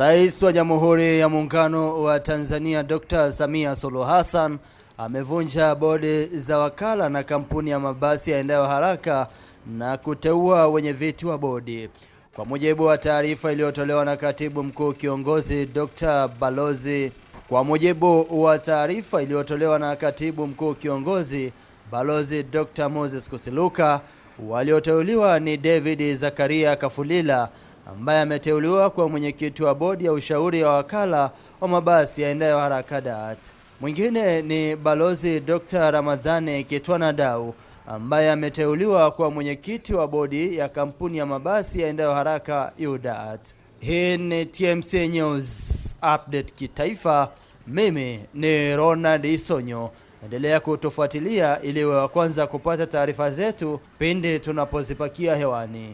Rais wa Jamhuri ya Muungano wa Tanzania Dr. Samia Suluhu Hassan amevunja bodi za wakala na kampuni ya mabasi yaendayo haraka na kuteua wenyeviti wa bodi. Kwa mujibu wa taarifa iliyotolewa na Katibu Mkuu Kiongozi Dr. Balozi kwa mujibu wa taarifa iliyotolewa na Katibu Mkuu Kiongozi Balozi Dr. Moses Kusiluka, walioteuliwa ni David Zakaria Kafulila ambaye ameteuliwa kuwa mwenyekiti wa bodi ya ushauri ya wakala wa mabasi yaendayo haraka DART. Mwingine ni Balozi Dr. Ramadhani Kitwana Dau ambaye ameteuliwa kuwa mwenyekiti wa bodi ya kampuni ya mabasi yaendayo haraka UDART. Hii ni TMC News Update kitaifa. Mimi ni Ronald Isonyo. Endelea kutufuatilia ili wa kwanza kupata taarifa zetu pindi tunapozipakia hewani.